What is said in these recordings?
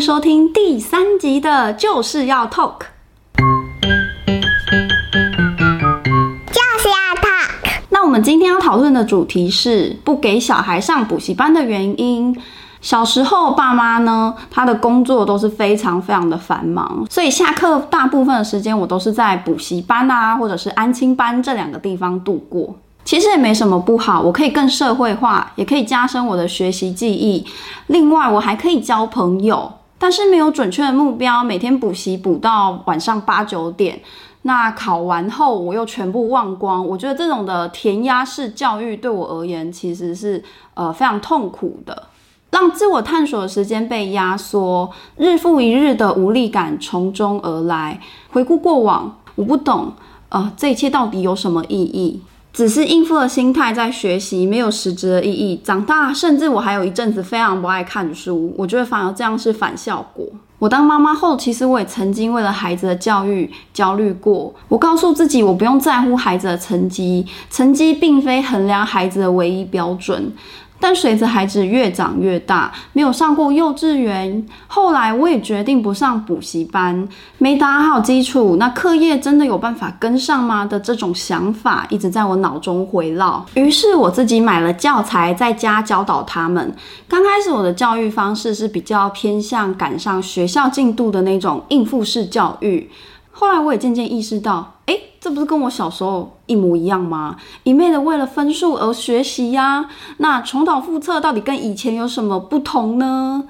收聽第三集的，就是要 talk，就是要 talk。要 talk 那我們今天要討論的主題是不給小孩上補習班的原因。小時候，爸媽呢，他的工作都是非常非常的繁忙，所以下課大部分的時間我都是在補習班啊，或者是安親班這兩個地方度過。其實也沒什麼不好，我可以更社會化，也可以加深我的學習記憶，另外我還可以交朋友。但是沒有準確的目標，每天補習補到晚上八九點，那考完後我又全部忘光。我覺得這種的填鴨式教育對我而言其實是呃非常痛苦的，讓自我探索的時間被壓縮，日復一日的無力感從中而來。回顧過往，我不懂啊，呃，這一切到底有什麼意義？只是應付的心態在學習，沒有實質的意義。長大，甚至我還有一陣子非常不愛看書，我覺得反而這樣是反效果。我當媽媽後，其實我也曾經為了孩子的教育焦慮過。我告訴自己，我不用在乎孩子的成績，成績並非衡量孩子的唯一標準。但隨着孩子越長越大，沒有上過幼稚園，後來我也決定不上補習班，沒打好基礎，那課業真的有辦法跟上嗎？的這種想法一直在我腦中迴繞。於是我自己買了教材，在家教導他們。剛開始我的教育方式是比較偏向趕上學校進度的那種應付式教育，後來我也漸漸意識到。哎，這不是跟我小時候一模一樣嗎？一味的為了分數而學習呀、啊，那重蹈覆轍到底跟以前有什麼不同呢？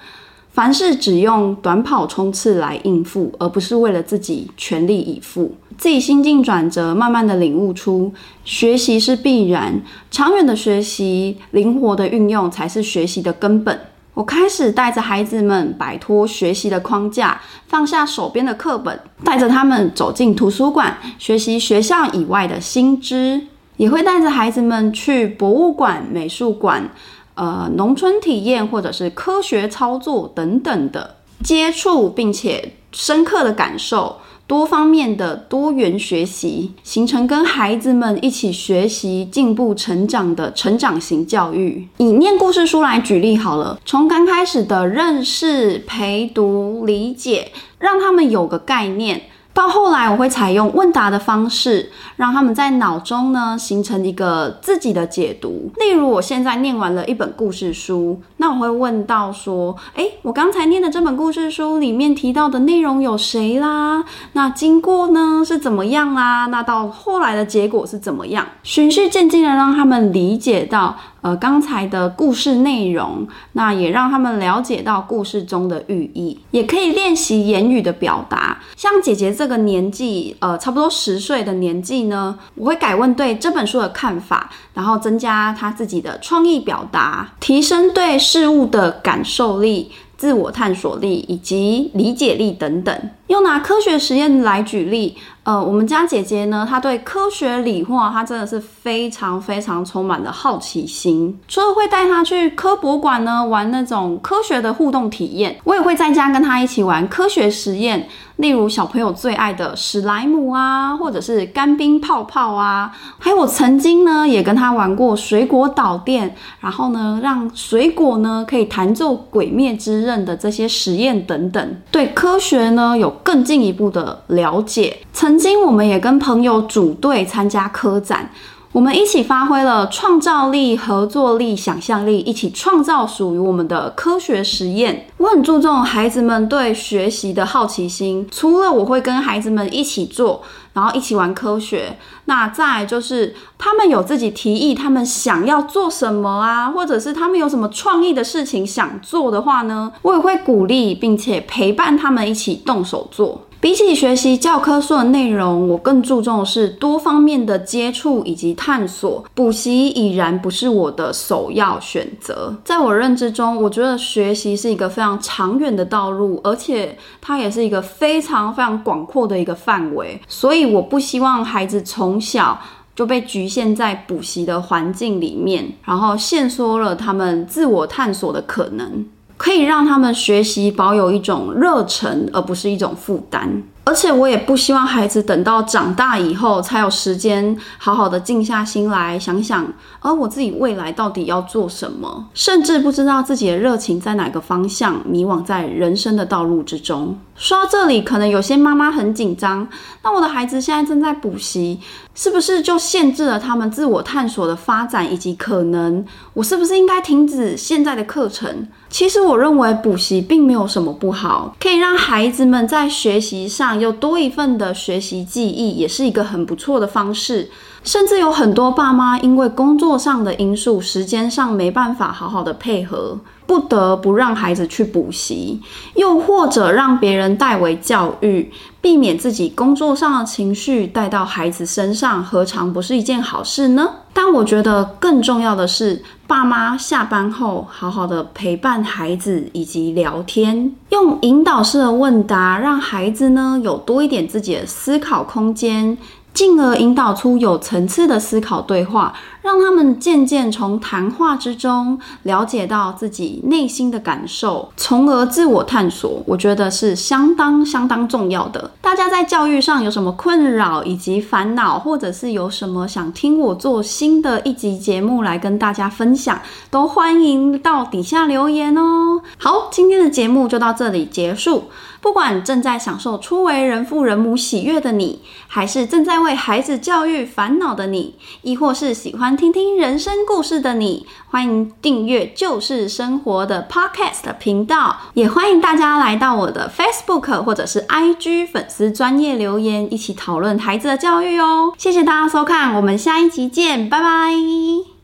凡事只用短跑衝刺來應付，而不是為了自己全力以赴，自己心境轉折，慢慢的領悟出學習是必然，長遠的學習，靈活的運用才是學習的根本。我開始帶着孩子們擺脫學習的框架，放下手邊的課本，帶着他們走進圖書館，學習學校以外的新知，也會帶着孩子們去博物館、美術館，呃，農村體驗，或者是科學操作等等的接觸，並且深刻的感受。多方面的多元學習，形成跟孩子們一起學習、進步、成長的成長型教育。以念故事書來舉例好了，從剛開始的認識、陪讀、理解，讓他們有個概念，到後來我會採用問答的方式，讓他們在腦中呢，形成一個自己的解讀。例如，我現在念完了一本故事書。我會問到說，誒，我剛才念的這本故事書裡面提到的內容有誰啦？那經過呢是怎麼樣啦？那到後來的結果是怎麼樣？循序漸進的讓他們理解到，呃，剛才的故事內容，那也讓他們了解到故事中的寓意，也可以練習言語的表達。像姐姐這個年紀，呃，差不多十歲的年紀呢，我會改問對這本書的看法，然後增加他自己的創意表達，提升對事事物的感受力、自我探索力以及理解力等等。又拿科學實驗來舉例，呃，我們家姐姐呢，她對科學理化，她真的是非常非常充滿了好奇心。除了會帶她去科博館呢玩那種科學的互動體驗，我也會在家跟她一起玩科學實驗，例如小朋友最愛的史萊姆啊，或者是乾冰泡泡啊，還有我曾經呢也跟她玩過水果導電，然後呢讓水果呢可以彈奏《鬼滅之刃》的這些實驗等等。對科學呢有。更進一步的了解。曾經，我們也跟朋友組隊參加科展。我們一起發揮了創造力、合作力、想象力，一起創造屬於我們的科學實驗。我很注重孩子們對學習的好奇心，除了我會跟孩子們一起做，然後一起玩科學，那再來就是他們有自己提議，他們想要做什麼啊，或者是他們有什麼創意的事情想做的話呢，我也會鼓勵並且陪伴他們一起動手做。比起學習教科書的內容，我更注重的是多方面的接觸以及探索。補習已然不是我的首要選擇。在我認知中，我覺得學習是一個非常長遠的道路，而且它也是一個非常非常廣闊的一個範圍。所以，我不希望孩子從小就被局限在補習的環境裡面，然後限縮了他們自我探索的可能。可以讓他們學習保有一種熱忱，而不是一種負擔。而且我也不希望孩子等到長大以後才有時間好好的靜下心來想想，而我自己未來到底要做什麼，甚至不知道自己的熱情在哪個方向，迷惘在人生的道路之中。說到這裡，可能有些媽媽很緊張，那我的孩子現在正在補習，是不是就限制了他們自我探索的發展，以及可能我是不是應該停止現在的課程？其實我認為補習並沒有什麼不好，可以讓孩子們在學習上。有多一份的學習記憶，也是一個很不錯的方式。甚至有很多爸媽因為工作上的因素，時間上沒辦法好好的配合，不得不讓孩子去補習，又或者讓別人代為教育，避免自己工作上的情緒帶到孩子身上，何嘗不是一件好事呢？但我覺得更重要的是，爸媽下班後好好的陪伴孩子以及聊天，用引導式的問答，讓孩子呢有多一點自己的思考空間，進而引導出有層次的思考對話，讓他們漸漸從談話之中了解到自己內心的感受，從而自我探索。我覺得是相當相當重要的。大家在教育上有什麼困擾以及煩惱，或者是有什麼想聽我做新的一集節目來跟大家分享，都歡迎到底下留言哦。好，今天的節目就到這裡結束。不管正在享受初為人父人母喜悅的你，還是正在為孩子教育煩惱的你，亦或是喜歡聽聽人生故事的你，歡迎訂閱《就是生活》的 Podcast 頻道，也歡迎大家來到我的 Facebook 或者是 IG 粉。是專業留言，一起討論孩子的教育哦。謝謝大家收看，我們下一集見，拜拜。